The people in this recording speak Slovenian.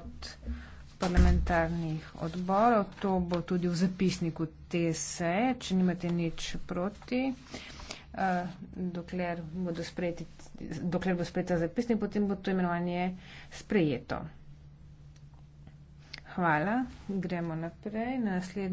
od parlamentarnih odborov. To bo tudi v zapisniku te seje, če nimate nič proti. Eh, dokler, bodo sprejeti, dokler bo sprejeta zapisnik, potem bo to imenovanje sprejeto. Hvala. Gremo naprej. Na naslednji.